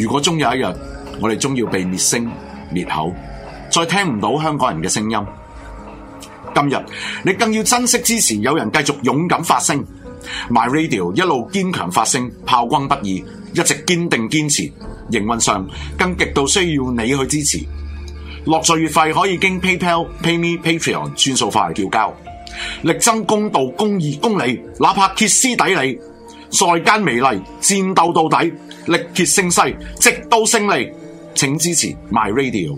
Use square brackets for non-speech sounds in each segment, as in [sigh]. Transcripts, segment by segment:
如果終有一日，我哋終要被滅聲滅口，再聽唔到香港人嘅聲音。今日你更要珍惜支持，有人繼續勇敢發聲。MyRadio 一路堅強發聲，炮轟不已，一直堅定堅持。營運上更極度需要你去支持。樂稅月費可以經 PayPal、PayMe、Patreon 轉數化嚟繳交。力爭公道，公義公理，哪怕歇斯底里。在間美麗，戰鬥到底，力竭勝勢，直到勝利。請支持 My Radio。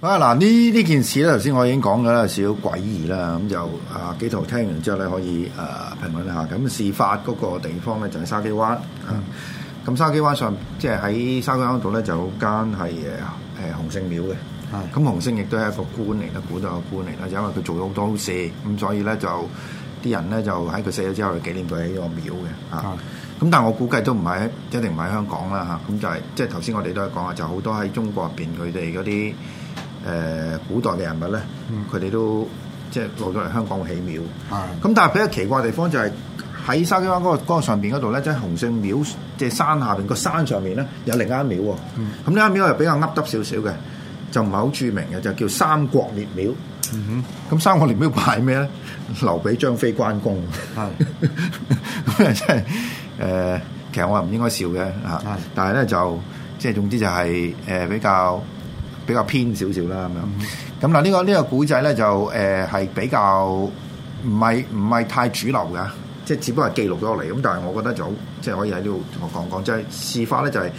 啊，嗱，呢呢件事咧，頭先我已經講咗啦，少少詭異啦，咁就啊幾套聽完之後咧，可以啊評論下。咁事發嗰個地方咧，就係、是、沙基灣啊。咁、嗯、沙基灣上，即係喺沙基灣度咧，就有間係誒誒洪聖廟嘅。咁洪、嗯、聖亦都係一個官嚟啦，古代嘅官嚟啦，就因為佢做咗好多好事，咁所以咧就啲人咧就喺佢死咗之後嚟紀念佢起個廟嘅。咁、啊、但係我估計都唔係，一定唔喺香港啦嚇。咁就係即係頭先我哋都講啊，就好、是就是、多喺中國入邊佢哋嗰啲誒古代嘅人物咧，佢哋、嗯、都即係落到嚟香港起廟。咁、嗯、但係比較奇怪嘅地方就係喺沙尖灣嗰個江上邊嗰度咧，即係洪聖廟，即係山下邊個山上面咧有另一廟、嗯、間廟喎。咁呢間廟又比較凹凸少少嘅。就唔係好著名嘅，就叫《三國列廟》。咁《三國列廟》要拜咩咧？劉備、張飛、關公。咁即係誒，其實我唔應該笑嘅嚇。但係咧就即係總之就係誒比較比較偏少少啦咁樣。咁嗱呢個呢個古仔咧就誒係比較唔係唔係太主流嘅，即係只不過係記錄咗落嚟。咁但係我覺得就好，即係可以喺呢度同我講講。即係事發咧就係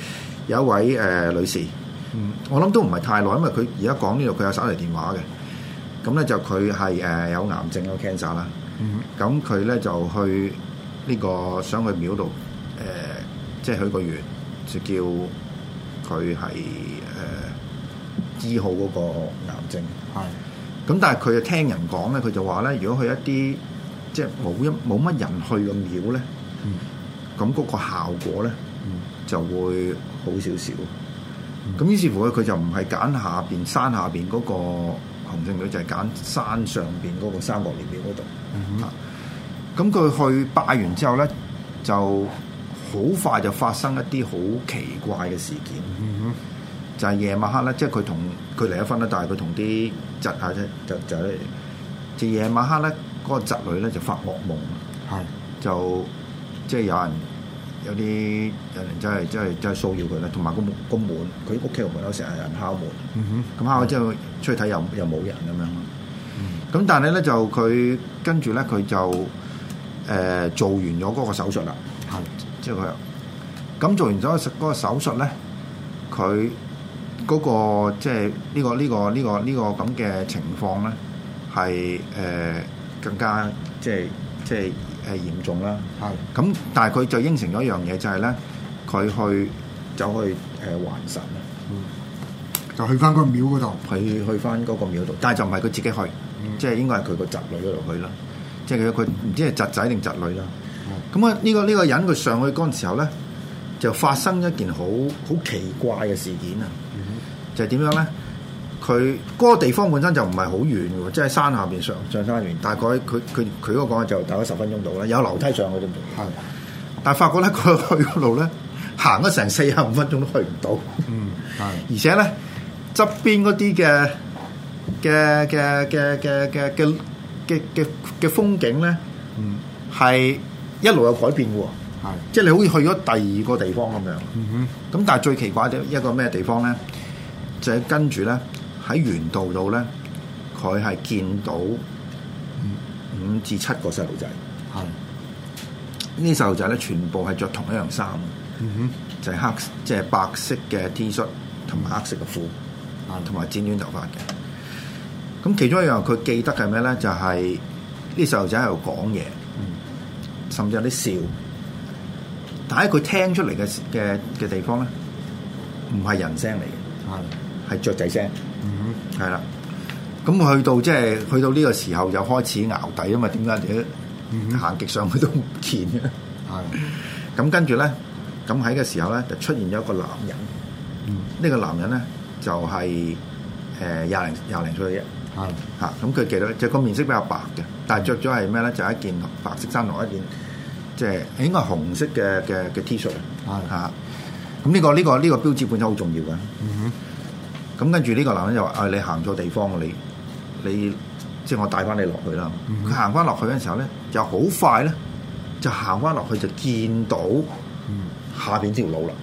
有一位誒女士。我諗都唔係太耐，因為佢而家講呢度佢有手提電話嘅，咁咧就佢係誒有癌症有 cancer 啦、mm，咁佢咧就去呢、這個想去廟度誒，即、呃、係、就是、許個願，就叫佢係誒醫好嗰個癌症。係、mm，咁、hmm. 但係佢就聽人講咧，佢就話咧，如果去一啲即係冇一冇乜人去嘅廟咧，咁嗰、mm hmm. 個效果咧、mm hmm. 就會好少少。咁於是乎佢就唔係揀下邊山下邊嗰個紅聖女，就係、是、揀山上邊嗰個三角廟嗰度。咁佢、mm hmm. 啊、去拜完之後咧，就好快就發生一啲好奇怪嘅事件。Mm hmm. 就係夜晚黑咧，即係佢同佢離咗婚啦，但係佢同啲侄啊啫，侄仔就夜晚黑咧，嗰、那個侄女咧就發惡夢，mm hmm. 就即係、就是、有人。有啲人真係真係真係騷擾佢啦，同埋個門個門，佢屋企個門口成日有人敲門，咁敲咗之後出去睇又又冇人咁樣。咁但係咧就佢跟住咧佢就誒做完咗嗰個手術啦，即係佢。咁做完咗嗰個手術咧，佢嗰個即係呢個呢個呢個呢個咁嘅情況咧，係誒更加即係即係。誒嚴重啦，係咁的，但係佢就應承咗一樣嘢，就係、是、咧，佢去走去誒、呃、還神，嗯，就去翻個廟嗰度的，去去翻嗰個廟度，但係就唔係佢自己去，嗯、即係應該係佢個侄女嗰度去啦，即係佢佢唔知係侄仔定侄女啦，咁啊呢個呢、這個人佢上去嗰陣時候咧，就發生一件好好奇怪嘅事件啊，嗯、哼就係點樣咧？佢嗰個地方本身就唔係好遠喎，即係山下邊上上山下邊，大概佢佢佢嗰個就大概十分鐘到啦，有樓梯上去啫嘛。係，但係發覺咧，佢去嗰路咧，行咗成四十五分鐘都去唔到。嗯，係。而且咧，側邊嗰啲嘅嘅嘅嘅嘅嘅嘅嘅嘅嘅風景咧，嗯，係一路有改變嘅喎。係，即係你好似去咗第二個地方咁樣。嗯哼。咁但係最奇怪嘅一個咩地方咧，就係跟住咧。喺原道度咧，佢係見到五至七個細路仔。係呢啲細路仔咧，全部係着同一樣衫、嗯哼，就係黑，即係白色嘅 T 恤同埋、嗯、黑色嘅褲，同埋剪短頭髮嘅。咁其中一樣佢記得係咩咧？就係呢啲細路仔喺度講嘢，嗯、甚至有啲笑。但係佢聽出嚟嘅嘅嘅地方咧，唔係人聲嚟嘅。係。係雀仔聲，嗯哼，係啦、mm。咁、hmm. 去到即係去到呢個時候，又開始淆底啊嘛？點解嘅？行極上去都唔見嘅。係、hmm.。咁跟住咧，咁喺個時候咧，就出現咗一個男人。呢、mm hmm. 個男人咧，就係誒廿零廿零歲嘅。係、mm。嚇、hmm.！咁佢記得？就個面色比較白嘅，但係著咗係咩咧？就是、一件白色衫同一件即係、就是、應該紅色嘅嘅嘅 T 恤。係、mm。咁、hmm. 呢、這個呢、這個呢、這個標誌本身好重要嘅。嗯哼、mm。Hmm. 咁跟住呢個男人就話，誒、啊，你行錯地方你你即係我帶翻你落去啦。佢行翻落去嘅時候咧，就好快咧，就行翻落去就見到下邊條路啦。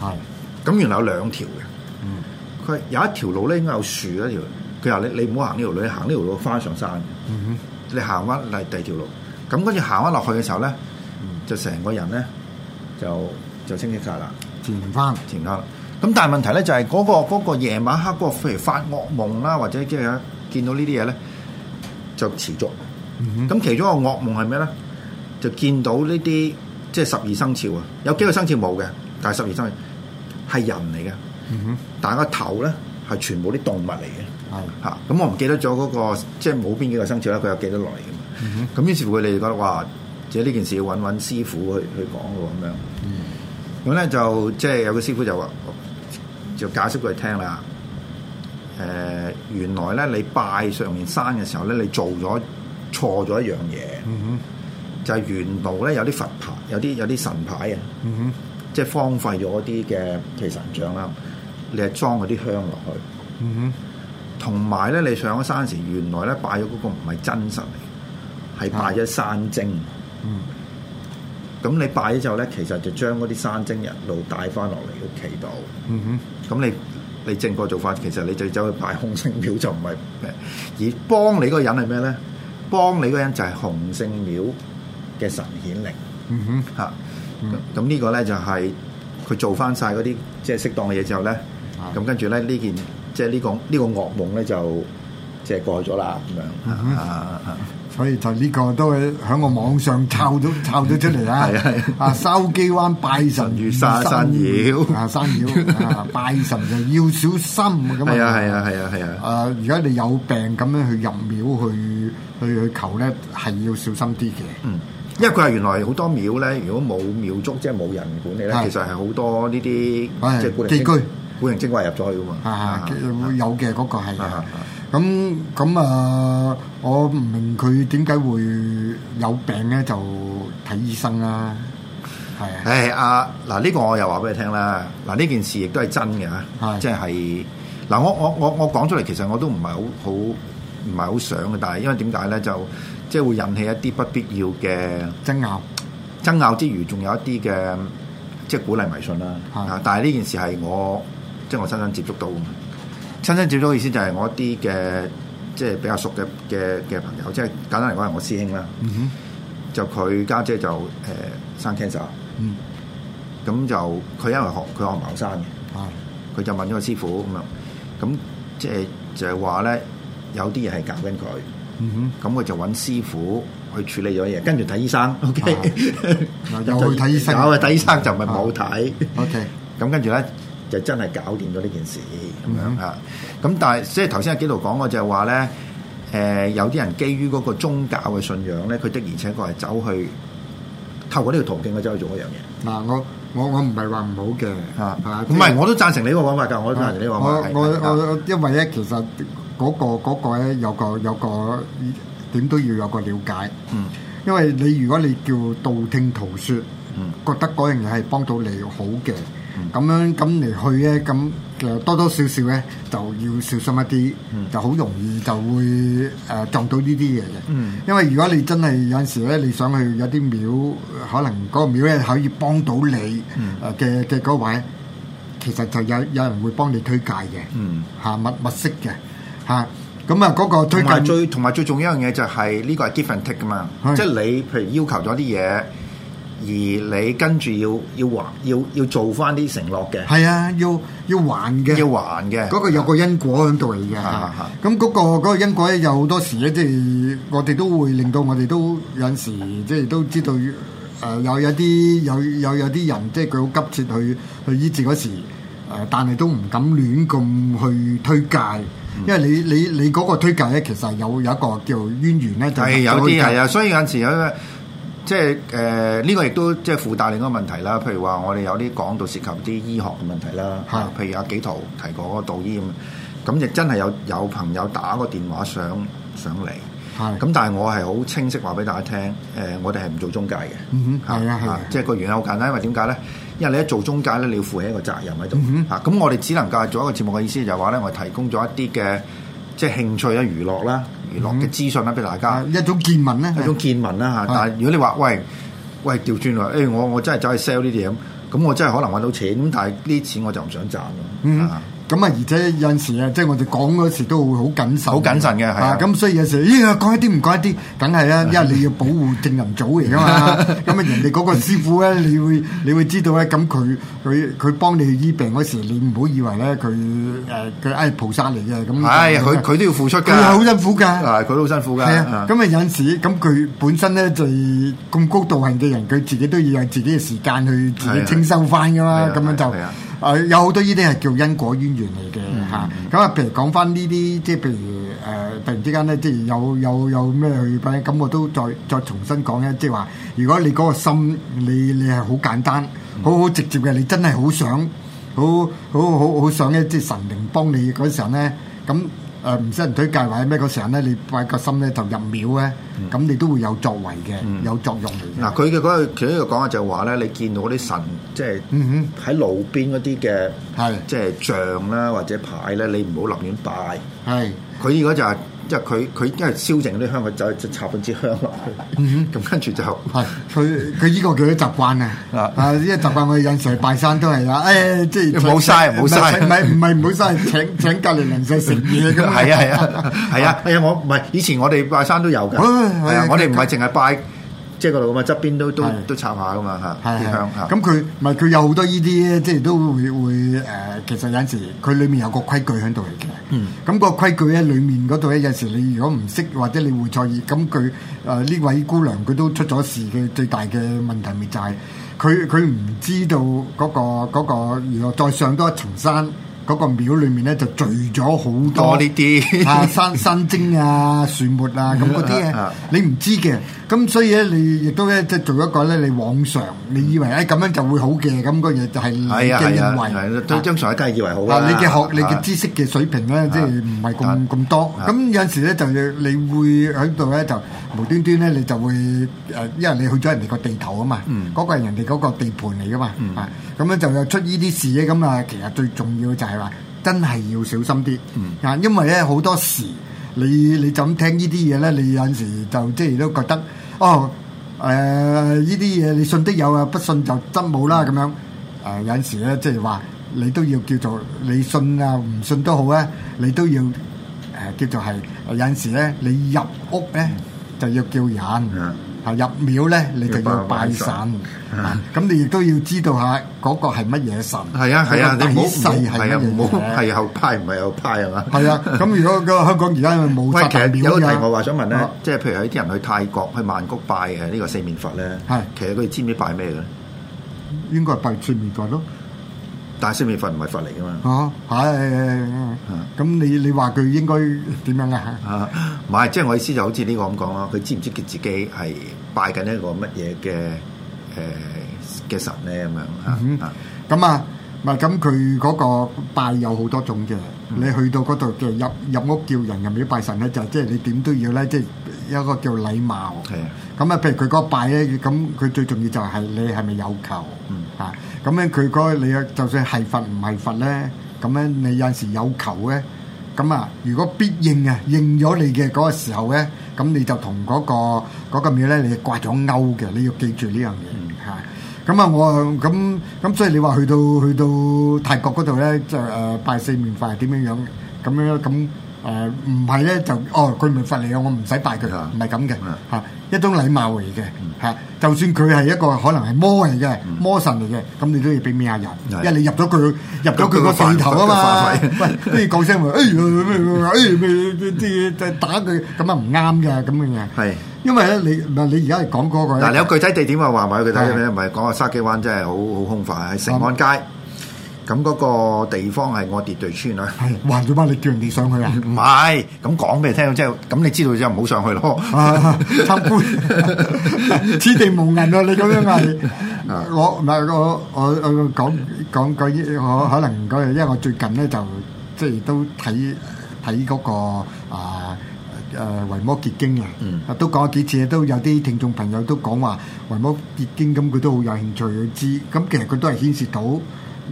係、mm，咁、hmm. 原來有兩條嘅。佢、mm hmm. 有一條路咧，應該有樹嗰條，佢話，你你唔好行呢條路，你行呢條路翻上山。Mm hmm. 你行翻嚟第二條路，咁跟住行翻落去嘅時候咧，就成個人咧就就清醒曬啦，填翻，填翻。咁但係問題咧就係嗰個夜晚黑嗰個譬如發惡夢啦，或者即係見到呢啲嘢咧，就持續。咁 Mm hmm. 其中一個惡夢係咩咧？就見到呢啲即係十二生肖啊，有幾個生肖冇嘅，但係十二生肖係人嚟嘅。Mm hmm. 但係個頭咧係全部啲動物嚟嘅。Mm hmm. 啊，咁我唔記得咗嗰個即係冇邊幾個生肖咧，佢有記得落嚟嘅嘛。咁於是乎佢哋覺得哇，即係呢件事要揾揾師傅去去講喎咁樣。咁我咧就，就即係有個師傅就話。就解釋畀佢聽啦。誒、呃，原來咧你拜上面山嘅時候咧，你做咗錯咗一樣嘢。嗯、哼，就係沿路咧有啲佛牌，有啲有啲神牌啊。嗯、哼，即係荒廢咗一啲嘅皮神像啦。你係裝嗰啲香落去。嗯、哼，同埋咧你上咗山時，原來咧拜咗嗰個唔係真神嚟，係拜咗山精。嗯。嗯。咁你拜咗之後咧，其實就將嗰啲山精人奴帶翻落嚟屋企度。嗯哼，咁你你正確做法，其實你就走去拜洪聖廟就唔係咩，而幫你嗰個人係咩咧？幫你嗰人就係洪聖廟嘅神顯靈。嗯哼，嚇、嗯，咁呢個咧就係、是、佢做翻晒嗰啲即係適當嘅嘢之後咧，咁、嗯、哼跟住咧呢件即係、就是這個這個、呢個呢個噩夢咧就即係過咗啦咁樣啊！嗯所以就呢個都係喺個網上抄咗抄咗出嚟 [laughs] 啊！係啊，啊筲箕灣拜神遇 [laughs] 沙山妖啊，山妖、 [laughs] 啊、拜神就要小心㗎嘛！係、嗯、啊，係啊，係啊，係啊！啊，而家你有病咁樣去入廟去去去求咧，係要小心啲嘅。嗯，因為佢係原來好多廟咧，如果冇廟祝，即係冇人管理咧，的其實係好多呢啲即係寄居古人精華入咗去㗎嘛。有嘅嗰個係咁咁啊！我唔明佢點解會有病咧，就睇醫生啦，係啊！誒、哎、啊！嗱，呢個我又話俾你聽啦！嗱，呢件事亦都係真嘅嚇，的即係嗱、啊，我我我我講出嚟，其實我都唔係好好唔係好想嘅，但係因為點解咧，就即係會引起一啲不必要嘅爭拗，爭拗厚之餘，仲有一啲嘅即係鼓勵迷信啦的、啊。但係呢件事係我即係我親身接觸到嘅。親身接觸到意思就係我一啲嘅即係比較熟嘅嘅嘅朋友，即係簡單嚟講係我師兄啦。就佢家姐就誒生 cancer，咁就佢因為學佢學茅山嘅，佢就問咗個師傅咁樣，咁即係就係話咧有啲嘢係教緊佢，咁佢就揾師傅去處理咗嘢，跟住睇醫生。O K，又去睇醫生，我去睇醫生就唔係冇睇。O K，咁跟住咧。就真係搞掂咗呢件事咁樣吓，咁但係即係頭先阿紀陶講嘅就係、是、話咧，誒、呃、有啲人基於嗰個宗教嘅信仰咧，佢的而且確係走去透過呢條途徑，我走去做一樣嘢。嗱，我我我唔係話唔好嘅，係、啊、嘛，唔係我都贊成你呢個講法噶，我都贊、啊、成你呢個講法我我因為咧，其實嗰、那個嗰、那個咧、那個、有個有個點都要有個了解，嗯，因為你如果你叫道聽途說，嗯，覺得嗰樣嘢係幫到你好嘅。咁、嗯、樣咁嚟去咧，咁就多多少少咧就要小心一啲，嗯、就好容易就會誒撞到呢啲嘢嘅。嗯、因為如果你真係有陣時咧，你想去有啲廟，可能嗰個廟咧，可以幫到你嘅嘅嗰位，其實就有有人會幫你推介嘅。嚇、嗯，密密式嘅嚇，咁啊嗰個推介最同埋最重要一樣嘢就係、是、呢、這個係 give and take 噶嘛，即係、嗯、你譬如要求咗啲嘢。而你跟住要要還要要做翻啲承諾嘅，係啊，要要還嘅，要還嘅，嗰個有個因果喺度嚟嘅。咁嗰個嗰個因果咧，有好多時咧，即係我哋都會令到我哋都有陣時，即係都知道誒，有有啲有有有啲人，即係佢好急切去去醫治嗰時，誒，但係都唔敢亂咁去推介，因為你、嗯、你你嗰個推介咧，其實有有一個叫淵源咧，係有啲係啊，所以有陣時有。即係誒呢個亦都即係附帶另一個問題啦，譬如話我哋有啲講到涉及啲醫學嘅問題啦，嚇的，譬如阿紀陶提過嗰個導醫咁，亦真係有有朋友打個電話上上嚟，咁，的但係我係好清晰話俾大家聽，誒、呃、我哋係唔做中介嘅，嗯啊，即係個原因好簡單，因為點解咧？因為你一做中介咧，你要負起一個責任喺度，嚇、嗯哼，咁、啊、我哋只能夠做一個節目嘅意思就係話咧，我提供咗一啲嘅即係興趣啊、娛樂啦。娛樂嘅資訊啦，俾大家一種見聞啦，一種見聞啦嚇。是但係如果你話喂，喂調轉啦，誒我我真係走去 sell 呢啲嘢，咁我真係可能搵到錢，咁但係呢啲錢我就唔想賺咯，嗯咁啊，而且有陣時啊，即係我哋講嗰時都會好謹慎。好謹慎嘅，係咁所以有時，咦，講一啲唔講一啲，梗係啦，因為你要保護證人組嚟㗎嘛。咁啊，人哋嗰個師傅咧，你會你會知道咧，咁佢佢佢幫你去醫病嗰時，你唔好以為咧，佢誒佢係菩薩嚟嘅咁。佢佢都要付出㗎。佢係好辛苦㗎。係，佢好辛苦㗎。係啊。咁啊，有陣時咁佢本身咧就係咁高道行嘅人，佢自己都要有自己嘅時間去自己清修翻㗎嘛。咁樣就。誒、呃、有好多呢啲係叫因果淵源嚟嘅嚇，咁、嗯嗯、啊譬如講翻呢啲，即係譬如誒突然之間咧，即係有有有咩去翻，咁我都再再重新講咧，即係話如果你嗰個心你你係好簡單、好好、嗯、直接嘅，你真係好想好好好好想一，即係神靈幫你嗰時候咧，咁。嗯誒唔使人推介或者咩嗰時候咧，你拜個心咧就入廟咧，咁、嗯、你都會有作為嘅，嗯、有作用嘅。嗱、啊，佢嘅嗰個其中一個講法就係話咧，你見到嗰啲神，即係喺路邊嗰啲嘅，嗯嗯、即係像啦或者牌咧，你唔好立亂拜。係、嗯，佢如果就係、是。即係佢佢因為燒淨啲香，佢就就插半支香落去。嗯哼，咁跟住就係佢佢依個叫啲習慣啊！啊，依個習慣我哋引神拜山都係啦。誒，即係冇嘥，冇嘥，唔係唔係唔好嘥，請請隔離鄰舍食嘢啊，係啊係啊係啊！我唔係以前我哋拜山都有嘅，係啊，我哋唔係淨係拜。即係個路啊嘛，側邊都都都插下噶嘛嚇，啲咁佢咪佢有好多呢啲即係都會會誒、呃。其實有陣時佢裏面有個規矩喺度嚟嘅。嗯。咁個規矩咧，裏面嗰度咧有陣時你如果唔識或者你會錯意，咁佢誒呢位姑娘佢都出咗事。嘅最大嘅問題咪就係佢佢唔知道嗰個嗰個，如果再上多一層山，嗰、嗰個廟裡面咧、呃、就聚咗好多呢啲、啊、山山精啊樹木、嗯、啊咁嗰啲嘢，你唔知嘅。咁 [music] 所以咧，你亦都咧，即係做一個咧，你往常，嗯、你以為誒咁、哎、樣就會好嘅，咁個嘢就係即係認為，即係正常都係以為好你嘅學，你嘅知識嘅水平咧，即係唔係咁咁多。咁有陣時咧，就要你會喺度咧，就無端端咧，你就會誒，因為你去咗人哋個地頭啊嘛，嗰個人哋嗰個地盤嚟噶嘛，咁咧就出呢啲事咧。咁啊，其實最重要就係話，真係要小心啲，啊、嗯，因為咧好多時。你你就咁聽呢啲嘢咧，你有陣時就即係都覺得，哦，誒呢啲嘢你信得有啊，不信就真冇啦咁樣。誒、呃、有陣時咧，即係話你都要叫做你信啊，唔信都好啊，你都要誒、呃、叫做係有陣時咧，你入屋咧就要叫人。Yeah. 入廟咧，你就要拜神啊！咁你亦都要知道下嗰個係乜嘢神。係啊係啊，你唔好唔係啊，唔好係後派，唔係後派係嘛？係 [laughs] 啊！咁如果個香港而家冇，其實有個題外話想問咧，啊、即係譬如有啲人去泰國去曼谷拜嘅呢個四面佛咧，係、啊、其實佢知唔知拜咩嘅咧？應該係拜全面佛咯。拜係，信佛唔係佛嚟噶嘛？嚇、啊！係、啊，咁、欸、你你話佢應該點樣啊？嚇、啊！唔、啊、係，即係我意思就好似呢個咁講咯，佢知唔知佢自己係拜緊一個乜嘢嘅誒嘅神咧咁樣嚇？咁啊，唔係咁佢嗰個拜有好多種嘅。嗯、你去到嗰度就入入屋叫人入廟拜神咧，就即、係、係你點都要咧，即係一個叫禮貌。係咁啊，譬如佢個拜咧，咁佢最重要就係你係咪有求？啊、嗯，咁咧佢個你啊，就算係佛唔係佛咧，咁咧你有陣時有求咧，咁啊，如果必應啊，應咗你嘅嗰個時候咧，咁你就同嗰、個嗰、個廟咧，你掛咗勾嘅，你要記住呢樣嘢。咁啊，我咁咁，所以你話去到去到泰國嗰度咧，就誒拜四面佛係點樣樣？咁樣咁誒唔係咧？就哦，佢唔係佛嚟嘅，我唔使拜佢，唔係咁嘅嚇，一種禮貌嚟嘅嚇。就算佢係一個可能係魔嚟嘅魔神嚟嘅，咁你都要俾面下人，因為你入咗佢入咗佢個地頭啊嘛，都要講聲話哎咩咩咩，誒咩咩打佢，咁啊唔啱嘅咁嘅嘢。係。因為咧，你唔係你而家係講嗰個。嗱，你有具體地點話埋佢得嘅咩？唔係講個沙基灣真係好好空泛喺城安街。咁嗰個地方係我哋對村啊！還咗返你叫人哋上去啊？唔係，咁講俾你聽，即係咁，你知道之後唔好上去咯。參觀此地無銀啊！你咁樣嗌我，唔係我我我講講句，我可能嗰日，因為我最近咧就即係都睇睇嗰個啊。誒維摩結經啊，都講咗幾次，都有啲聽眾朋友都講話維摩結經，咁佢都好有興趣去知，咁其實佢都係牽涉到呢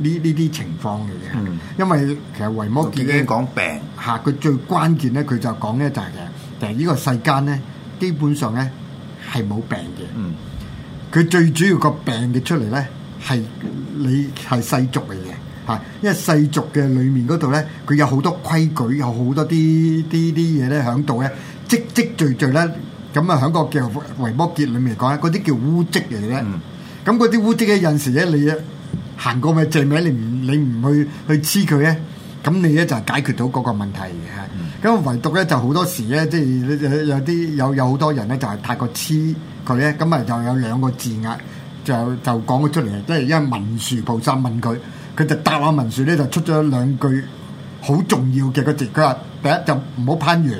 呢啲情況嚟嘅，因為其實維摩結經講病嚇，佢最關鍵咧，佢就講咧就係嘅，就係呢個世間咧，基本上咧係冇病嘅，佢最主要個病嘅出嚟咧係你係世俗嚟嘅。因為世俗嘅裏面嗰度咧，佢有好多規矩，有好多啲啲啲嘢咧喺度咧，積積聚聚咧，咁啊喺個叫維摩詰裏面講，嗰啲叫污跡嚟嘅。咁嗰啲污跡咧，有時咧你行過嘅淨係你唔你唔去去黐佢咧，咁你咧就解決到嗰個問題嘅。咁、嗯、唯獨咧就好多時咧，即係有啲有有好多人咧，就係太過黐佢咧，咁啊就有兩個字眼就就講咗出嚟，即係因為文殊菩薩問佢。佢就答下文書咧，就出咗兩句好重要嘅個字。佢話第一就唔好攀援，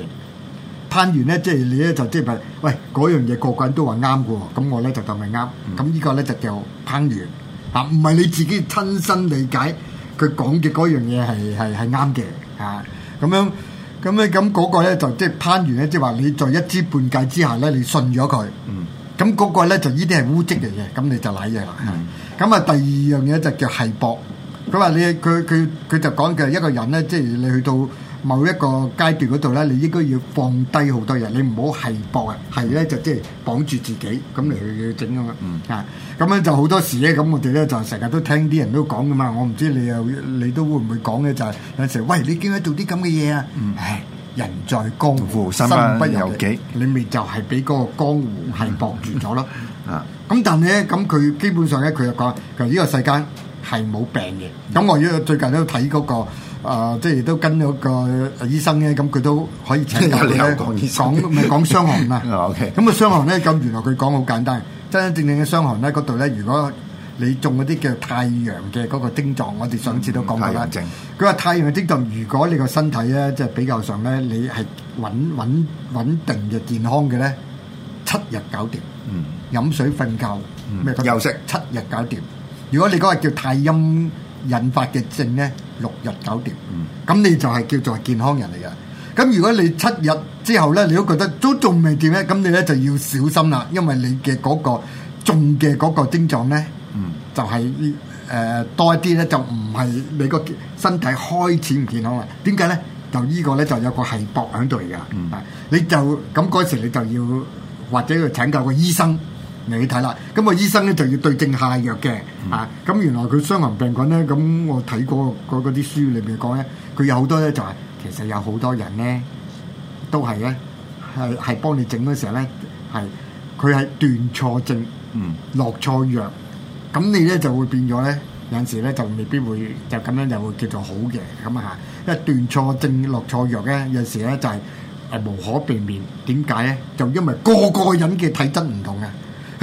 攀援咧即係你咧就即、就、係、是、喂嗰樣嘢個個人都話啱嘅喎。咁我咧就當係啱。咁呢個咧就叫攀援。啊！唔係你自己親身理解佢講嘅嗰樣嘢係係係啱嘅啊！咁樣咁咧咁嗰個咧就即係攀援。咧，即係話你在一知半解之下咧，你信咗佢。那個、嗯。咁嗰個咧就呢啲係污跡嚟嘅，咁你就瀨嘢啦。咁啊，第二樣嘢就叫係博。咁啊！你佢佢佢就講嘅一個人咧，即係你去到某一個階段嗰度咧，你應該要放低好多嘢，你唔好係搏啊！係咧就即係綁住自己咁嚟去整咁啊！啊！咁樣就好多時咧，咁我哋咧就成日都聽啲人都講噶嘛，我唔知你又你都會唔會講咧？就係、是、有時喂，你點解做啲咁嘅嘢啊？人在江湖，身不由己，你咪就係俾嗰個江湖係綁住咗咯啊！咁 [laughs] 但係咧，咁佢基本上咧，佢就講，就呢個世間。係冇病嘅，咁、嗯、我依家最近都睇嗰個誒，即係都跟咗個醫生咧，咁佢都可以請教你咧，講咪講傷寒啦。咁啊，傷寒咧，咁原來佢講好簡單，真 [laughs] 真正正嘅傷寒咧，嗰度咧，如果你中嗰啲叫太陽嘅嗰個症狀，我哋上次都講過啦。佢話、嗯、太陽嘅症狀，如果你個身體咧，即、就、係、是、比較上咧，你係穩穩穩定嘅健康嘅咧，七日搞掂。嗯，飲水瞓覺咩休息，七日搞掂。如果你嗰個叫太陰引發嘅症呢，六日搞掂，咁、嗯、你就係叫做健康人嚟嘅。咁如果你七日之後呢，你都覺得都仲未掂呢，咁你呢就要小心啦，因為你嘅嗰個中嘅嗰個症狀咧，嗯、就係、是、誒、呃、多一啲呢，就唔係你個身體開始唔健康啦。點解呢？就呢個呢，就有個氣搏喺度嚟㗎，嗯、你就咁嗰時你就要或者要請教個醫生。你睇啦，咁個醫生咧就要對症下藥嘅，嚇，咁原來佢傷寒病菌咧，咁我睇過嗰嗰啲書裏面講咧，佢有好多咧就係其實有好多人咧都係咧係係幫你整嗰時候咧係佢係斷錯症，落錯藥，咁你咧就會變咗咧有陣時咧就未必會就咁樣就會叫做好嘅咁啊嚇，因為斷錯症落錯藥咧有陣時咧就係誒無可避免，點解咧就因為個個人嘅體質唔同啊。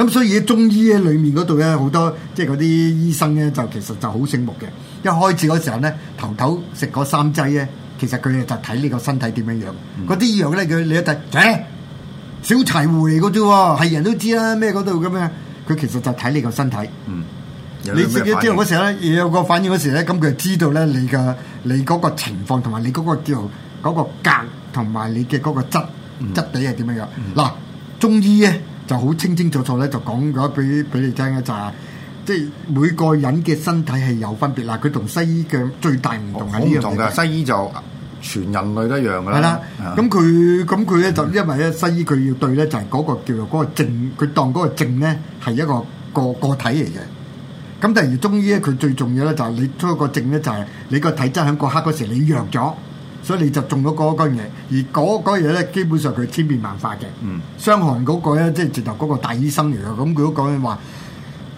咁所以喺中醫咧，裏面嗰度咧，好多即係嗰啲醫生咧，就其實就好醒目嘅。一開始嗰時候咧，頭頭食嗰三劑咧，其實佢就睇你個身體點樣樣。嗰啲、嗯、藥咧，佢你一睇，小柴胡嚟嘅啫，係人都知啦，咩嗰度咁咩？佢其實就睇你個身體。嗯，你自己知道嗰時咧，有個反應嗰時咧，咁佢就知道咧你嘅你嗰個情況同埋你嗰、嗰個叫嗰格同埋你嘅嗰個質、質地底係點樣樣嗱、嗯嗯？中醫咧。就好清清楚楚咧，就講咗俾俾你聽嘅就係、是，即係每個人嘅身體係有分別啦。佢同西醫嘅最大唔同喺呢樣嘅，西醫就全人類都一樣噶啦。咁佢咁佢咧就因為咧西醫佢要對咧就係、是、嗰個叫做嗰個症，佢當嗰個症咧係一個個個體嚟嘅。咁但係而中醫咧佢最重要咧就係你出個症咧就係、是、你個體質喺嗰刻嗰時你弱咗。所以你就中咗嗰樣嘢，而嗰樣嘢咧，基本上佢千變萬化嘅。嗯，傷寒嗰、那個咧，即係直頭嗰個大醫生嚟嘅。咁佢都講話，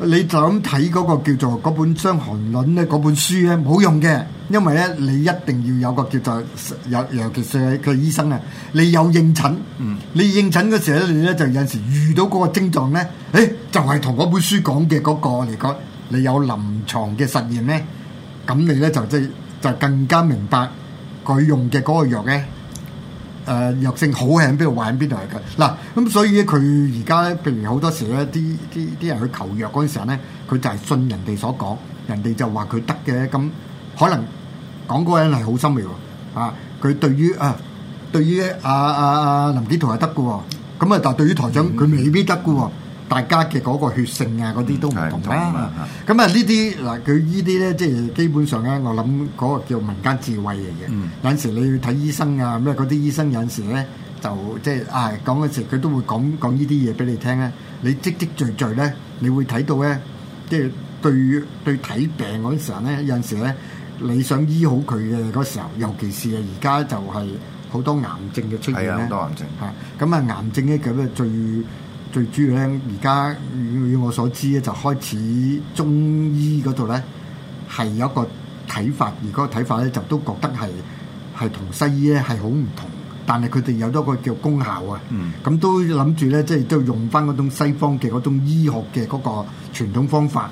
你就咁睇嗰個叫做嗰本傷寒論咧，嗰本書咧冇用嘅，因為咧你一定要有個叫做有尤其是個醫生啊，你有應診，嗯，你應診嘅時候咧，你咧就有時遇到嗰個症狀咧，誒、欸、就係同嗰本書講嘅嗰、那個嚟講，你有臨床嘅實驗咧，咁你咧就即係就更加明白。佢用嘅嗰個藥咧，誒、呃、藥性好係喺邊度，壞喺邊度嚟嘅。嗱，咁、啊、所以佢而家咧，譬如好多時咧，啲啲啲人去求藥嗰陣時候咧，佢就係信人哋所講，人哋就話佢得嘅，咁可能講嗰個人係好心㗎喎。啊，佢對於啊，對於阿阿阿林子圖係得嘅喎，咁啊，啊但係對於台長佢未必得嘅喎。嗯大家嘅嗰個血性啊，嗰啲都唔同啦。咁啊，呢啲嗱佢依啲咧，即係基本上咧，我諗嗰個叫民間智慧嚟嘅。有陣時你要睇醫生啊，咩嗰啲醫生有陣時咧，就即係啊講嘅時佢都會講講呢啲嘢俾你聽咧。你積積聚聚咧，你會睇到咧，即係對對睇病嗰啲時候咧，有陣時咧，你想醫好佢嘅嗰時候，尤其是啊而家就係好多癌症嘅出現，好多癌症嚇。咁啊，癌症咧咁啊最最主要咧，而家以我所知咧，就開始中醫嗰度咧，係有一個睇法，而嗰個睇法咧，就都覺得係係同西醫咧係好唔同，但係佢哋有多個叫功效啊。嗯。咁都諗住咧，即係都用翻嗰種西方嘅嗰種醫學嘅嗰個傳統方法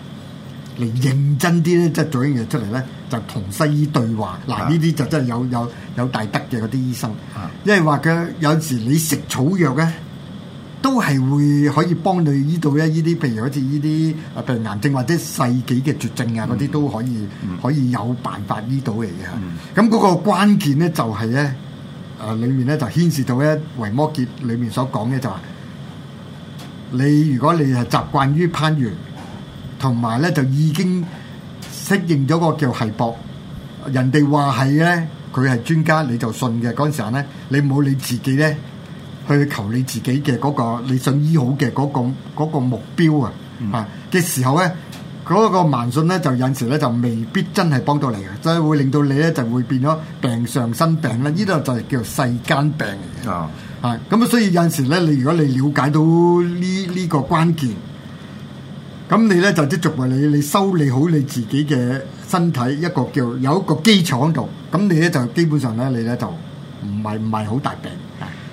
嚟認真啲咧，即係做樣嘢出嚟咧，就同、是、西，西醫對話。嗱、啊，呢啲就真係有有有大德嘅嗰啲醫生，啊、因為話佢有時你食草藥咧。都係會可以幫你醫到咧，依啲譬如好似呢啲誒，譬如癌症或者世紀嘅絕症啊，嗰啲都可以、mm hmm. 可以有辦法醫到嚟嘅。咁嗰、mm hmm. 個關鍵咧就係、是、咧，誒裡面咧就牽涉到咧《維摩詰》裡面所講嘅、就是，就話你如果你係習慣於攀緣，同埋咧就已經適應咗個叫係搏。人哋話係咧，佢係專家你就信嘅嗰陣時咧，你冇你自己咧。去求你自己嘅嗰、那個你想醫好嘅嗰、那個、那個目標啊，啊嘅、嗯、時候咧，嗰、那個盲信咧就有時咧就未必真係幫到你嘅，所以會令到你咧就會變咗病上身病咧，呢、這、度、個、就係叫做世間病嘅係咁啊，所以有陣時咧，你如果你了解到呢呢、這個關鍵，咁你咧就即係作為你你修理好你自己嘅身體一個叫有一個基礎喺度，咁你咧就基本上咧你咧就唔係唔係好大病。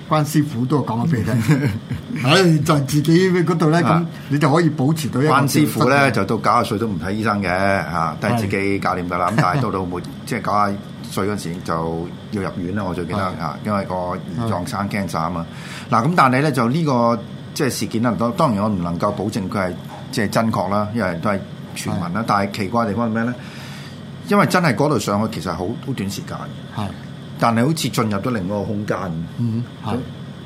關師傅都係講下俾你聽，唉，就自己嗰度咧，咁你就可以保持到一個。關師傅咧就到九啊歲都唔睇醫生嘅，吓都係自己搞掂噶啦。咁但係到到末即係九啊歲嗰陣時就要入院啦。我最記得吓，嗯、因為個胰臟生 cancer 啊嘛。嗱、啊，咁但係咧就呢、這個即係、就是、事件唔多。當然我唔能夠保證佢係即係真確啦，因為都係傳聞啦。但係奇怪嘅地方係咩咧？因為真係嗰度上去其實好好短時間。係。但係好似進入咗另外個空間，嗯，嚇，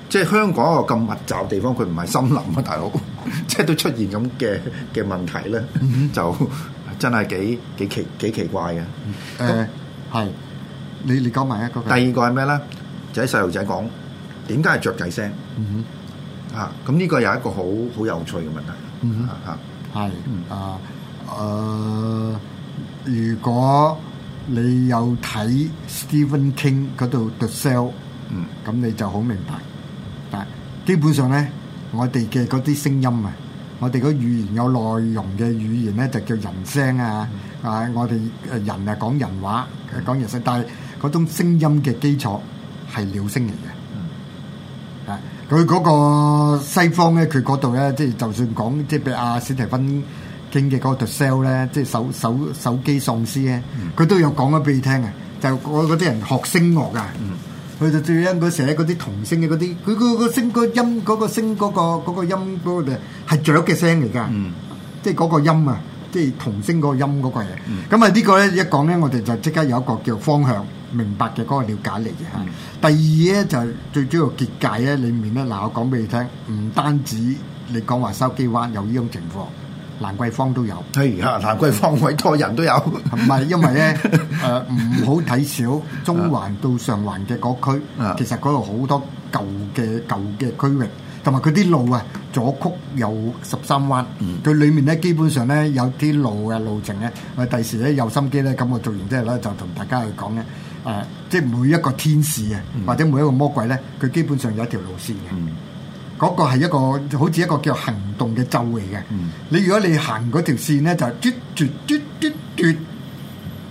即係香港一個咁密集地方，佢唔係森林啊，大佬，即係都出現咁嘅嘅問題咧，就真係幾幾奇幾奇怪嘅。誒，係，你你講埋一個。第二個係咩咧？就喺細路仔講，點解係雀仔聲？嗯哼，啊，咁呢個又係一個好好有趣嘅問題。嗯哼，嚇，係，啊，誒，如果。你有睇 Stephen King 嗰度 The Cell，嗯，咁你就好明白。但係基本上咧，我哋嘅嗰啲聲音啊，我哋嗰語言有內容嘅語言咧，就叫人聲啊，啊，我哋誒人啊講人話，講人聲，但係嗰種聲音嘅基礎係鳥聲嚟嘅。嗯，啊，佢嗰個西方咧，佢嗰度咧，即係就算講即係俾阿史提芬。經濟嗰個 to sell 咧，即係手手手機喪屍咧，佢都有講咗俾你聽啊！就我嗰啲人學聲樂噶，佢就最應該寫嗰啲童聲嘅嗰啲，佢個個聲個音嗰個聲嗰個嗰個音嗰個嘅係雀嘅聲嚟噶，即係嗰個音啊，即係童聲嗰個音嗰個嘢。咁啊呢個咧一講咧，我哋就即刻有一個叫方向明白嘅嗰個瞭解力嘅嚇。第二咧就最主要結界咧裡面咧嗱，我講俾你聽，唔單止你講話筲箕灣有呢種情況。蘭桂坊都有，係啊！蘭桂坊委託人都有，唔係 [laughs] 因為咧誒唔好睇少，中環到上環嘅嗰區， [laughs] 其實嗰度好多舊嘅舊嘅區域，同埋佢啲路啊，左曲右十三彎，佢裡面咧基本上咧有啲路嘅路程咧，我第時咧有心機咧，咁我做完之後咧就同大家去講咧，誒、呃、即係每一個天使啊，或者每一個魔鬼咧，佢基本上有一條路線嘅。 [laughs] 嗯嗰個係一個好似一個叫行動嘅咒嚟嘅，你如果你行嗰條線咧，就嘟嘟嘟嘟嘟，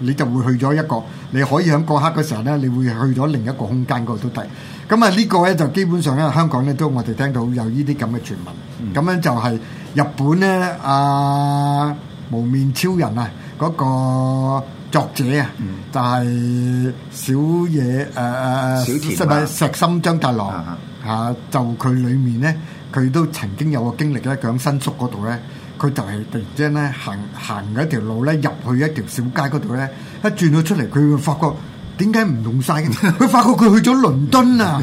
你就會去咗一個，你可以喺嗰刻嘅時候咧，你會去咗另一個空間嗰度都得。咁啊，呢個咧就基本上咧，香港咧都我哋聽到有呢啲咁嘅傳聞。咁樣就係日本咧，阿無面超人啊，嗰個作者啊，就係小野誒誒石石心張大郎。吓，就佢裏面咧，佢都曾經有個經歷咧，講新宿嗰度咧，佢就係突然之間咧行行嗰一條路咧，入去一條小街嗰度咧，一轉到出嚟，佢會發覺。點解唔用晒嘅？佢 [laughs] 發覺佢去咗倫敦啊！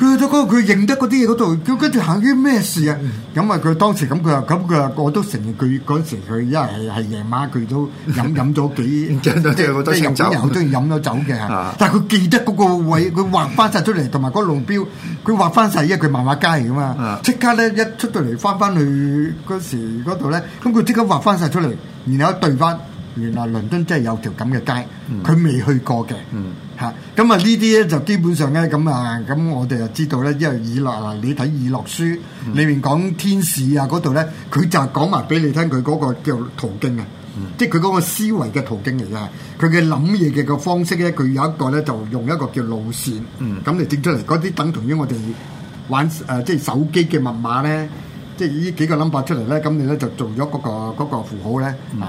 佢 [laughs] 去咗嗰、嗰個佢認得嗰啲嘢嗰度，佢跟住行啲咩事啊？咁啊！佢當時咁，佢話咁，佢話我都承認佢嗰時佢，因為係係夜晚，佢都飲飲咗幾即係日本人好中意飲咗酒嘅。 [laughs] 但係佢記得嗰個位，佢畫翻晒出嚟，同埋嗰個路標，佢畫翻晒，因為佢漫畫家嚟噶嘛。即 [laughs] 刻咧一出到嚟，翻翻去嗰時嗰度咧，咁佢即刻畫翻晒出嚟，然後一對翻。原來倫敦真係有條咁嘅街，佢、嗯、未去過嘅嚇。咁、嗯、啊呢啲咧就基本上咧咁啊，咁我哋就知道咧，因為《以諾》，你睇《以諾、嗯》書裏面講天使啊嗰度咧，佢就係講埋俾你聽佢嗰個叫途徑啊，嗯、即係佢嗰個思維嘅途徑嚟嘅。佢嘅諗嘢嘅個方式咧，佢有一個咧就用一個叫路線，咁、嗯、你整出嚟。嗰啲等同於我哋玩誒、呃，即係手機嘅密碼咧，即係呢幾個諗法出嚟咧，咁你咧就做咗嗰、那個嗰、那個符號咧。嗯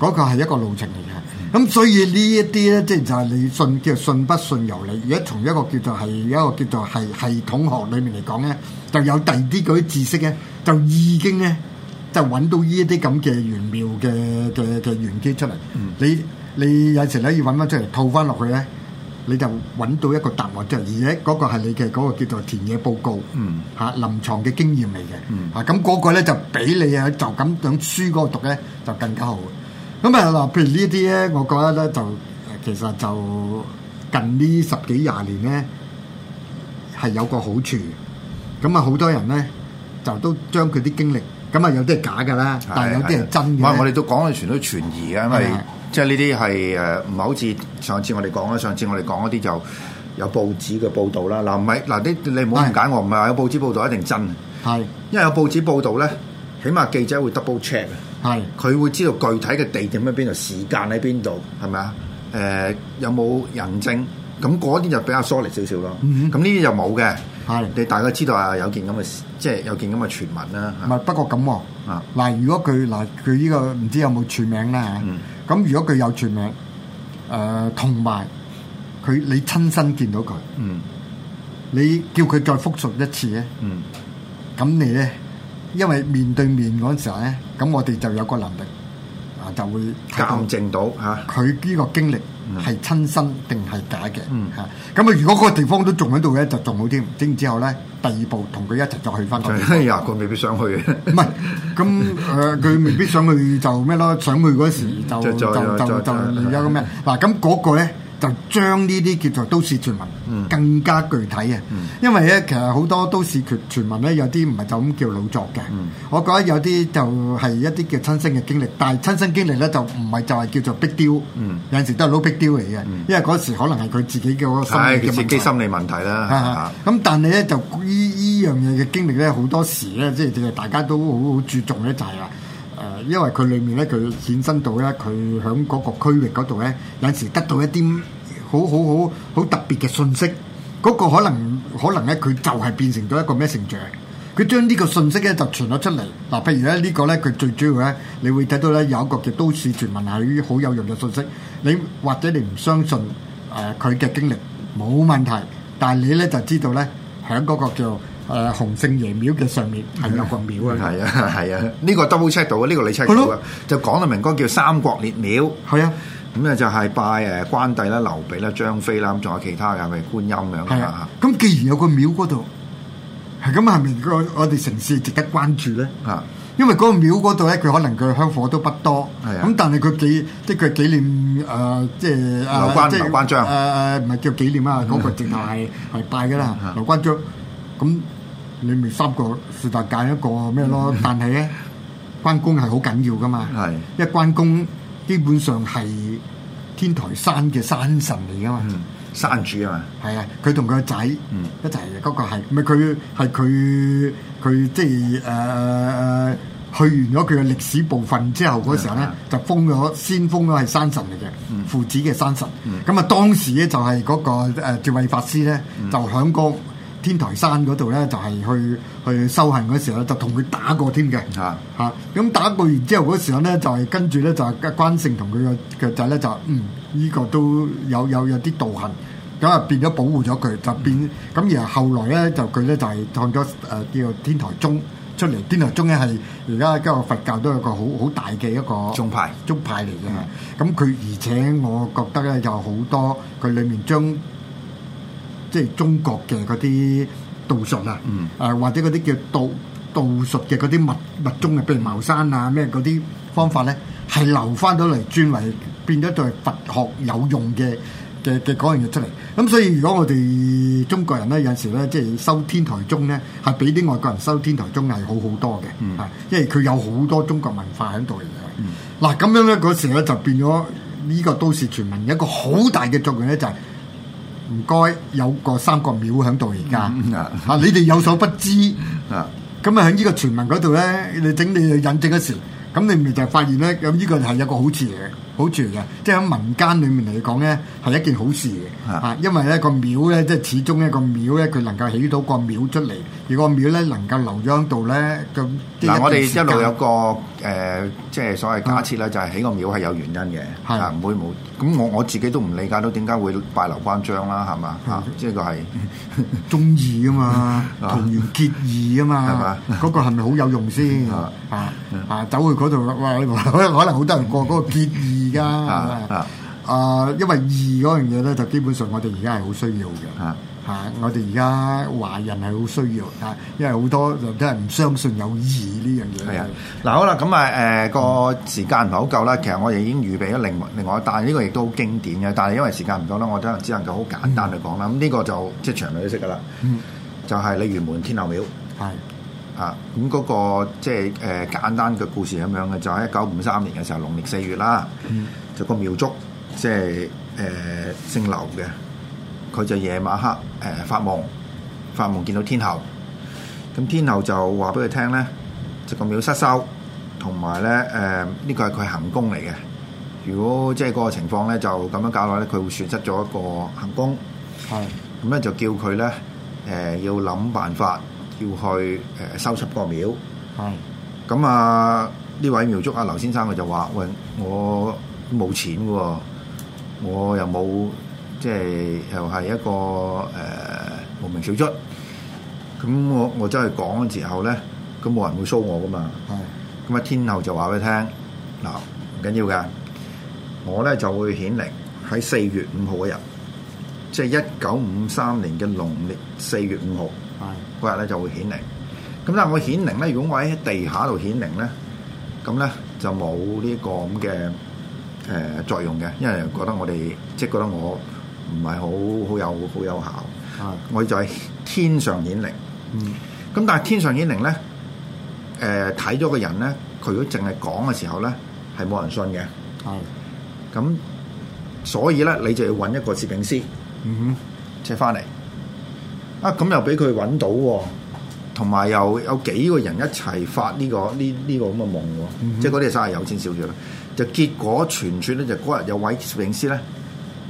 嗰個係一個路程嚟嘅，咁所以呢一啲咧，即係就係你信叫信不信由你。而家從一個叫做係一個叫做係系統學裡面嚟講咧，就有第二啲嗰啲知識咧，就已經咧就揾到呢一啲咁嘅玄妙嘅嘅嘅玄機出嚟。嗯、你你有時咧要揾翻出嚟套翻落去咧，你就揾到一個答案出嚟。而且嗰個係你嘅嗰個叫做田野報告。嗯，嚇、啊、臨床嘅經驗嚟嘅。嗯，咁嗰、啊那個咧就比你啊就咁樣書嗰度讀咧就更加好。咁啊，嗱，譬如呢啲咧，我覺得咧就，其實就近呢十幾廿年咧係有個好處，咁啊好多人咧就都將佢啲經歷，咁啊有啲係假㗎啦，但係有啲係真嘅。唔係，我哋都講係全都傳説啊嘛，因為即係呢啲係誒，唔係好似上次我哋講啦，上次我哋講嗰啲就有報紙嘅報導啦。嗱，唔係嗱，你你唔好誤解我，唔係話有報紙報導一定真，係因為有報紙報導咧，起碼記者會 double check 啊。係，佢是會知道具體嘅地點喺邊度，時間喺邊度，係咪啊？誒、呃，有冇人證？咁嗰啲就比較疏 o 少少咯。嗯，咁呢啲就冇嘅。係是，你大概知道，就是哦、啊，有件咁嘅事，即係有件咁嘅傳聞啦。係，不過咁啊，嗱，如果佢嗱，佢呢個唔知有冇全名咧吓。咁如果佢有全名，誒、嗯，同埋佢你親身見到佢，嗯，你叫佢再複述一次咧，嗯，咁你咧？因為面對面嗰陣時咧，咁我哋就有個能力啊，就會校正到嚇佢呢個經歷係親身定係假嘅嚇。咁、嗯、啊，如果嗰個地方都仲喺度咧，就仲好添。然之後咧，第二步同佢一齊再去翻。 [laughs] 哎呀，佢未必想去。唔係，咁、呃、誒，佢未必想去就咩咯？想去嗰時就 [laughs] 就就就，就，就有、啊、那那個咩？嗱，咁嗰個咧。就將呢啲叫做都市傳聞，更加具體嘅，嗯、因為咧，其實好多都市傳傳聞咧，有啲唔係就咁叫老作嘅。嗯、我覺得有啲就係一啲叫親身嘅經歷，但係親身經歷咧就唔係就係叫做逼雕、嗯，有陣時都係老逼雕嚟嘅。嗯、因為嗰時可能係佢自己嘅心、哎、心理問題啦。咁但係咧，就呢呢樣嘢嘅經歷咧，好多時咧，即係大家都好好注重一啲嘢啊。因為佢裡面咧，佢衍生到咧，佢喺嗰個區域嗰度咧，有時得到一啲好好好好特別嘅信息，嗰個可能可能咧，佢就係變成咗一個咩成長，佢將呢個信息咧就傳咗出嚟。嗱，譬如咧呢個咧，佢最主要咧，你會睇到咧，有一個叫都市傳聞係於好有用嘅信息。你或者你唔相信誒佢嘅經歷冇問題，但係你咧就知道咧，喺嗰個叫。誒洪聖爺廟嘅上面係有個廟啊，係啊係啊，呢個 double check 到呢個你 check 到啊，就講到明哥叫三國列廟，係啊，咁咧就係拜誒關帝啦、劉備啦、張飛啦，咁仲有其他嘅，譬如觀音咁樣，咁既然有個廟嗰度，係咁係咪我哋城市值得關注咧？啊，因為嗰個廟嗰度咧，佢可能佢香火都不多，係啊，咁但係佢紀即係紀念誒，即係劉關劉關張誒誒，唔係叫紀念啊，咁佢直頭係係拜㗎啦，劉關張咁。你咪三個負責揀一個咩咯？但係咧關公係好緊要噶嘛？係一關公基本上係天台山嘅山神嚟噶嘛？山主啊嘛？係啊，佢同佢個仔一齊嘅嗰個係咪佢係佢佢即係誒誒去完咗佢嘅歷史部分之後嗰時候咧，就封咗先封咗係山神嚟嘅父子嘅山神咁啊！當時咧就係嗰個智慧法師咧就響個。天台山嗰度咧就係去去修行嗰時候就同佢打過添嘅，嚇嚇，咁打過完之後嗰時候咧就係，跟住咧就係關勝同佢嘅腳仔咧就嗯呢、呢個都有有有啲道行咁啊，變咗保護咗佢就變咁，嗯、而後後來咧就佢咧就係創咗呢個天台宗出嚟，天台宗咧係而家今日佛教都有個好好大嘅一個宗派宗派嚟嘅，咁佢而且我覺得咧有好多佢裡面將即係中國嘅嗰啲道術、嗯、啊，誒或者嗰啲叫道道術嘅嗰啲密密宗啊，譬如茅山啊咩嗰啲方法咧，係留翻到嚟轉為變咗對佛學有用嘅嘅嘅嗰樣嘢出嚟。咁所以如果我哋中國人咧有時咧，即係收天台宗咧，係比啲外國人收天台宗係好好多嘅，嚇、嗯，因為佢有好多中國文化喺度嚟嘅。嗱咁、嗯、樣咧嗰時咧就變咗呢個都市傳聞有一個好大嘅作用咧就係、是。唔該，有個三角廟響度而家， [laughs] 啊！你哋有所不知，啊！咁啊喺呢個傳聞嗰度咧，你整你去引證嗰時，咁你咪就發現咧，咁呢個係有個好處嚟嘅。好住嘅，即係喺民間裏面嚟講咧，係一件好事嘅嚇，因為咧個廟咧，即係始終個一個廟咧，佢能夠起到個廟出嚟，如果個廟咧能夠留喺度咧，咁嗱，我哋一路有個誒、呃，即係所謂假設啦，就係、是、起個廟係有原因嘅，係唔是會冇。咁我我自己都唔理解到點解會拜劉關張啦，係嘛，即係個係忠義啊、就是、 [laughs] 嘛，桃園結義啊嘛，嗰嗎個係咪好有用先啊啊？ [laughs] [laughs] [laughs] 走去嗰度哇，可能可能好多人過嗰個結義。Hmm. 而家啊，因為義嗰樣嘢咧，就基本上我哋而家係好需要嘅，嚇、啊！我哋而家華人係好需要，嚇，因為好多就真係唔相信有義呢樣嘢。係啊，嗱、嗯啊、好啦，咁啊誒個時間唔係好夠啦，其實我哋已經預備咗另另外一單，呢個亦都好經典嘅，但係因為時間唔多啦，我哋只能夠好簡單去講啦。咁、嗯、呢、嗯、個就即係場女都識噶啦，就係鯉魚門天后廟係。嗯啊，咁嗰、那個即係誒、呃、簡單嘅故事咁樣嘅，就喺一九五三年嘅時候，農曆四月啦，嗯、就個廟祝即係誒、呃、姓劉嘅，佢就夜晚黑誒、呃、發夢，發夢見到天后，咁天后就話俾佢聽咧，就個廟失收，同埋咧誒呢個係佢行宮嚟嘅，如果即係嗰個情況咧就咁樣搞落咧，佢會損失咗一個行宮，係，咁咧就叫佢咧誒要諗辦法。要去誒收葺個廟，係咁啊！呢位苗族阿劉先生佢就話：喂，我冇錢喎，我又冇即係又係一個誒無名小卒。咁我我真係講嘅時候咧，咁冇人會騷我噶嘛。咁啊，天後就話畀你聽嗱唔緊要㗎，我咧就會顯靈喺四月五號嗰日，即係一九五三年嘅農曆四月五號。嗰日咧就會顯靈，咁但係我顯靈咧，如果我喺地下度顯靈咧，咁咧就冇呢個咁嘅誒作用嘅，因為覺得我哋即係覺得我唔係好好有好有效。啊，是的 我就係天上顯靈。嗯，咁但係天上顯靈咧，誒睇咗個人咧，佢如果淨係講嘅時候咧，係冇人信嘅。係是的，咁所以咧，你就要搵一個攝影師，嗯哼，即係翻嚟。啊咁又俾佢揾到、哦，同埋又有幾個人一齊發呢、呢個呢呢、呢個咁嘅、呢個、夢喎、哦，嗯、哼即係嗰啲嘢真係有錢少，少少。就結果傳説咧，就嗰日有位攝影師咧，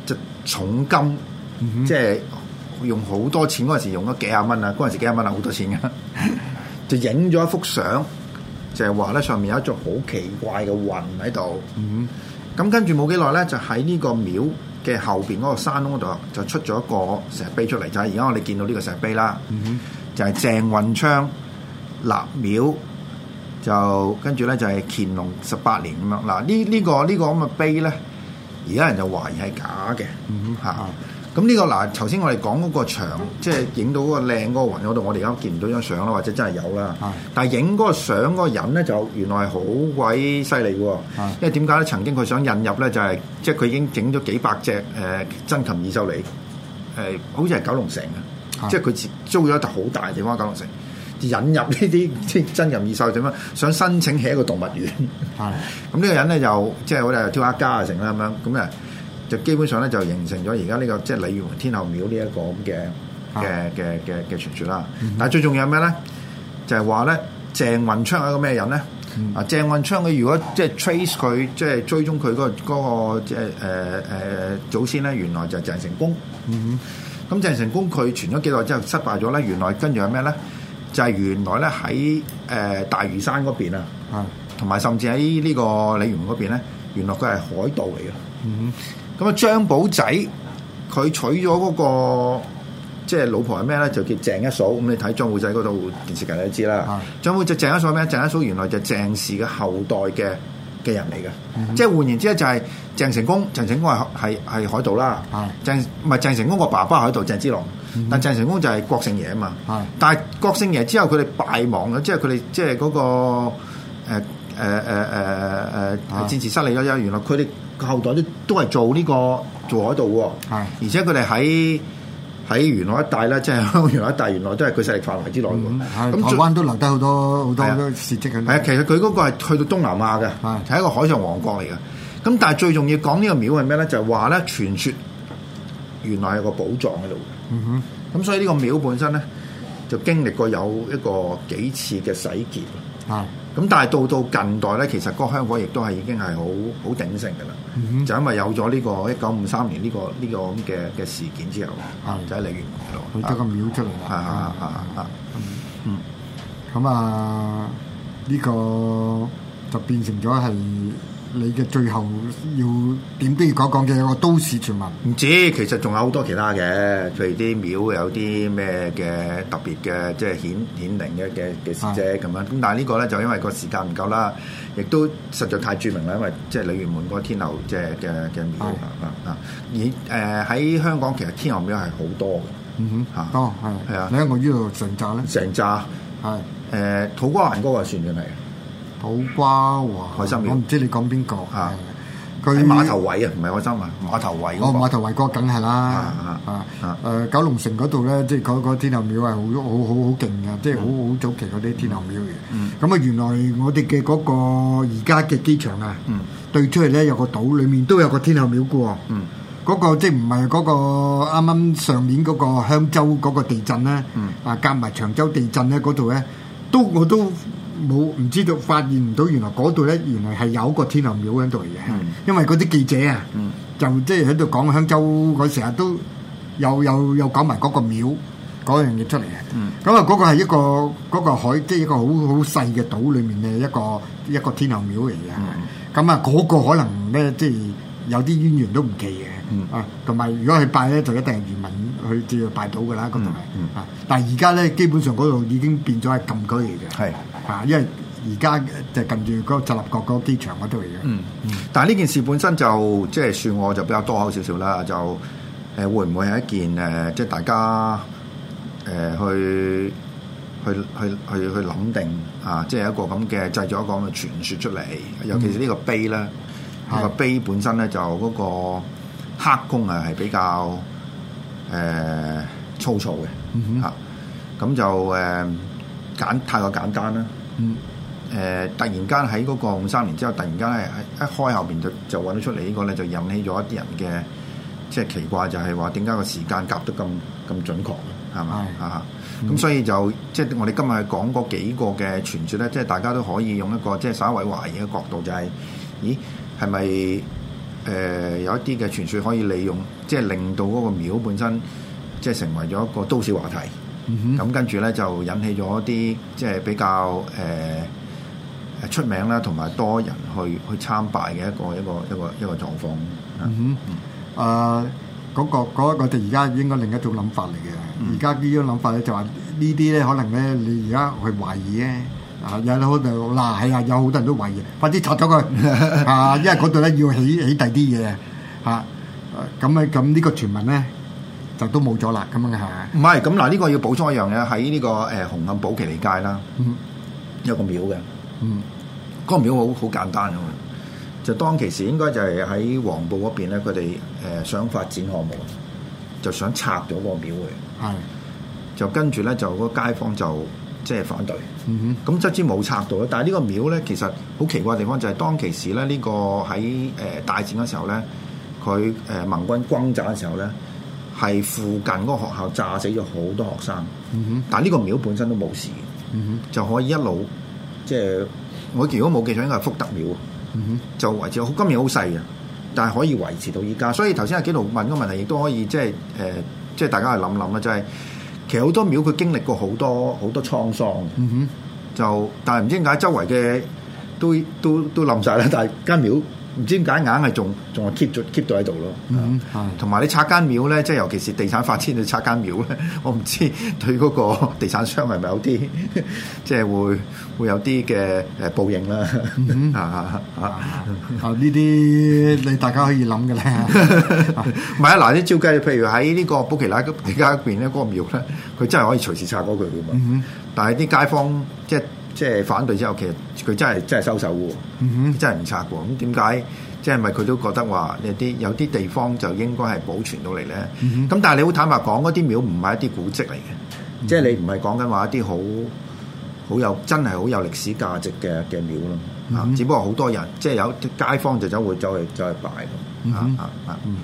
就重金，嗯、哼即係用好多錢，嗰陣時用咗幾廿蚊啊，嗰陣時幾廿蚊係好多錢㗎， [laughs] 就影咗一幅相，就係話咧上面有一座好奇怪嘅雲喺度。咁跟住冇幾耐咧，就喺呢個廟。嘅後邊嗰個山窿嗰度就出咗一個石碑出嚟，就係而家我哋見到呢個石碑啦，mm hmm. 就係鄭運昌立廟，就跟住咧就係乾隆十八年咁樣。嗱、呢個，呢個、呢呢呢個呢個咁嘅碑咧，而家人就懷疑係假嘅嚇。Mm hmm. 咁呢、呢個嗱，頭先我哋講嗰個牆，即係影到嗰個靚嗰個雲嗰度，我哋而家見唔到張相啦，或者真係有啦。但係影嗰個相嗰個人咧，就原來係好鬼犀利嘅。因為點解咧？曾經佢想引入咧，就係、係、即係佢已經整咗幾百隻誒珍禽異獸嚟。誒、呃呃，好似係九龍城嘅，啊、即係佢租咗一笪好大地方九龍城，引入呢啲即係珍禽異獸點樣？想申請起一個動物園。係。咁呢個人咧就即係我哋跳下街啊，成啦咁樣咁咧。就基本上咧，就形成咗而家呢個即係、就是、鯉魚門天后廟呢一個咁嘅嘅嘅嘅嘅傳説啦。嗯、哼但係最重要係咩咧？就係話咧，鄭雲昌係一個咩人咧？嗯、啊，鄭雲昌佢如果即係 trace 佢，即、就、係、是、追蹤佢嗰個即係誒誒祖先咧，原來就係鄭成功。咁、嗯、哼鄭成功佢傳咗幾耐之後失敗咗咧，原來跟住係咩咧？就係、是、原來咧喺誒大嶼山嗰邊啊，同埋、嗯、甚至喺呢個鯉魚門嗰邊咧，原來佢係海盜嚟嘅。嗯咁啊，張保仔佢娶咗嗰個即係老婆係咩咧？就叫鄭一嫂。咁你睇張保仔嗰度電視劇你都知啦。張保仔鄭一嫂咩？鄭一嫂原來就鄭氏嘅後代嘅嘅人嚟嘅。即係換言之咧，就係鄭成功，鄭成功係係係海盜啦。鄭，唔係鄭成功個爸爸係海盜鄭芝龍，但係鄭成功就係國姓爺啊嘛。但係國姓爺之後佢哋敗亡啦，即係佢哋即係嗰個誒誒誒誒誒戰事失利咗之後，原來佢哋。後代都都係做呢個做海盜喎，的而且佢哋喺喺沿一帶咧，即係香港沿海一帶，原來都係佢勢力範圍之內嘅喎。嗯、就台灣都留低好多好多事的跡跡。啊，其實佢嗰個係去到東南亞嘅，係的一個海上王國嚟嘅。咁但係最重要講呢個廟係咩咧？就係話咧傳説原來有個寶藏喺度。嗯哼，咁所以呢個廟本身咧就經歷過有一個幾次嘅洗劫。啊的！咁但係到到近代咧，其實個香港亦都係已經係好好鼎盛嘅啦。嗯、哼就因為有咗呢個一九五三年呢、呢個呢、呢個咁嘅嘅事件之後，啊、嗯哼，仔嚟嘅，佢得個秒出嚟啦。係係係，嗯，咁啊，呢、呢個就變成咗係。你嘅最後要點都要講講，嘅有個都市傳聞，唔知，其實仲有好多其他嘅，譬如啲廟有啲咩嘅特別嘅，即係顯顯靈嘅嘅嘅事啫咁樣。咁的但係呢個咧就因為個時間唔夠啦，亦都實在太著名啦，因為即係鯉魚門嗰個天后嘅嘅嘅廟啊啊的！而誒喺香港其實天后廟係好多嘅，嗯哼，嚇的哦係係啊，的你喺我呢度成紮咧，成紮係誒土瓜灣嗰個算唔算係？土瓜灣海心，我唔知你講邊個？佢馬頭圍啊，唔係海心啊，馬頭圍。哦，馬頭圍嗰個梗係啦。啊啊啊！誒，九龍城嗰度咧，即係嗰個天后廟係好好好好勁嘅，即係好好早期嗰啲天后廟嘅。咁啊，原來我哋嘅嗰個而家嘅機場啊，對出嚟咧有個島，裡面都有個天后廟嘅。嗰個即係唔係嗰個啱啱上年嗰個香洲嗰個地震咧？啊，夾埋長洲地震咧嗰度咧，都我都。冇唔知道，發現唔到原來嗰度咧，原來係有個天后廟喺度嘅。因為嗰啲記者啊，就即係喺度講香洲嗰陣時都有有有講埋嗰個廟嗰樣嘢出嚟嘅。咁啊，嗰個係一個嗰個海，即係一個好好細嘅島裏面嘅一個一個天后廟嚟嘅。咁啊、嗯，嗰個可能咧即係有啲淵源都唔記嘅。嗯、啊，同埋如果去拜咧，就一定係漁民去去拜到㗎啦。咁同埋啊，但係而家咧，基本上嗰度、啊、已經變咗係禁區嚟嘅。因為而家就近住嗰個執笠國嗰個機場嗰度嚟嘅。嗯嗯。但係呢件事本身就即係、就是、算我就比較多口少少啦。就誒會唔會係一件誒即係大家誒、呃、去去去去去諗定啊？即、就、係、是、一個咁嘅製造一個咁嘅傳説出嚟。尤其是呢個碑咧，呢、嗯、個碑本身咧就嗰個刻工啊係比較誒、呃、粗糙嘅。嗯咁哼、啊、就誒、呃、簡太過簡單啦。嗯，誒，突然間喺嗰個五三年之後，突然間咧一開後邊就就揾到出嚟呢、這個咧，就引起咗一啲人嘅即係奇怪就，就係話點解個時間夾得咁咁準確咧？係嘛啊？咁、嗯、所以就即係、就是、我哋今日講嗰幾個嘅傳説咧，即、就、係、是、大家都可以用一個即係稍為懷疑嘅角度、就是，就係咦，係咪誒有一啲嘅傳説可以利用，即、就、係、是、令到嗰個廟本身即係、就是、成為咗一個都市話題？咁跟住咧就引起咗一啲即係比較誒誒、呃、出名啦，同埋多人去去參拜嘅一個一個一個一個狀況。嗯哼，誒嗰、嗯啊嗰個嗰、嗰個就而家應該另一種諗法嚟嘅。而家呢種諗法咧就話呢啲咧可能咧你而家去懷疑咧啊，啊有好多嗱係啊有好多人都懷疑，快啲拆咗佢 [laughs] 啊！因為嗰度咧要起起第啲嘢啊。咁啊咁呢、啊、個傳聞咧。就都冇咗啦，咁樣嘅係嘛？唔係，咁嗱呢個要補充一樣嘅喺呢個誒紅磡寶其利街啦，嗯、mm，hmm. 一個廟嘅、mm，嗯、hmm.，個廟好好簡單嘅嘛。就當其時應該就係喺黃埔嗰邊咧，佢哋誒想發展項目，就想拆咗個廟嘅，係。就跟住咧就個街坊就即係、就是、反對，咁卒之冇拆到咧，但係呢個廟咧其實好奇怪地方就係當其時咧呢個喺誒大戰嘅時候咧，佢誒盟軍轟炸嘅時候咧。係附近嗰個學校炸死咗好多學生，嗯、哼但係呢個廟本身都冇事、嗯哼，就可以一路即係我如果冇記錯應該係福德廟，嗯、哼就維持好，今年好細嘅，但係可以維持到依家。所以頭先阿紀度問個問題，亦都可以即係誒，即係、呃、大家去諗諗啊，就係、是、其實好多廟佢經歷過好多好多滄桑、嗯哼，就但係唔知點解周圍嘅都都都冧晒啦，但係間廟。唔知點解硬係仲仲係 keep 咗 keep 到喺度咯，同埋、嗯、你拆間廟咧，即係尤其是地產發展你拆間廟咧，我唔知對嗰個地產商係咪有啲即係會會有啲嘅誒報應啦、嗯 [laughs] 啊，啊啊啊！呢啲你大家可以諗嘅啦、 [laughs] 啊，唔係啊嗱，你照計，譬如喺呢個保其拉嘅地入邊咧，嗰、嗰個廟咧，佢真係可以隨時拆嗰句嘅嘛，嗯、但係啲街坊即係。即係反對之後，其實佢真係真係收手喎，嗯、哼真係唔拆喎。咁點解？即係咪佢都覺得話，你啲有啲地方就應該係保存到嚟咧。咁、嗯、哼但係你好坦白講，嗰啲廟唔係一啲古蹟嚟嘅，即係、嗯、哼你唔係講緊話一啲好好有真係好有歷史價值嘅嘅廟咯。嗯、哼只不過好多人即係、就是、有街坊就走會走去走去拜咯、嗯哼啊啊嗯。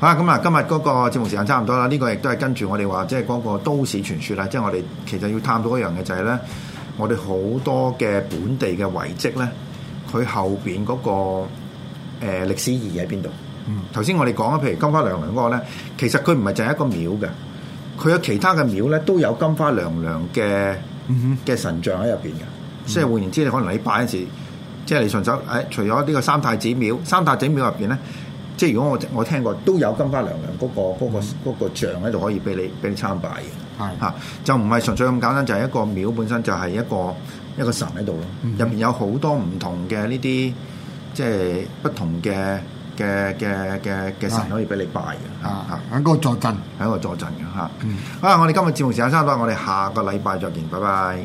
好啦，咁啊，今日嗰個節目時間差唔多啦。呢、這個亦都係跟住我哋話，即係嗰個都市傳說啦。即、就、係、是、我哋其實要探討一樣嘅就係、是、咧。我哋好多嘅本地嘅遺跡咧，佢後邊嗰、那個誒、呃、歷史意義喺邊度？頭先、嗯、我哋講咗，譬如金花娘娘嗰個咧，其實佢唔係淨係一個廟嘅，佢有其他嘅廟咧都有金花娘娘嘅嘅、嗯、哼神像喺入邊嘅，嗯、哼即係換言之，你可能你拜嗰時，即係你順手誒、哎，除咗呢個三太子廟，三太子廟入邊咧，即係如果我我聽過都有金花娘娘嗰、那個嗰、那個那個那個那個、像喺度可以俾你俾你，你參拜嘅。係啊，就唔係純粹咁簡單，就係、是、一個廟本身就係一個一個神喺度咯，入邊有好多唔同嘅呢啲即係不同嘅嘅嘅嘅嘅神可以俾你拜嘅啊，喺嗰度助陣，喺嗰度助陣嘅嚇。啊，嗯、好啦，我哋今日節目時間差唔多，我哋下個禮拜再見，拜拜。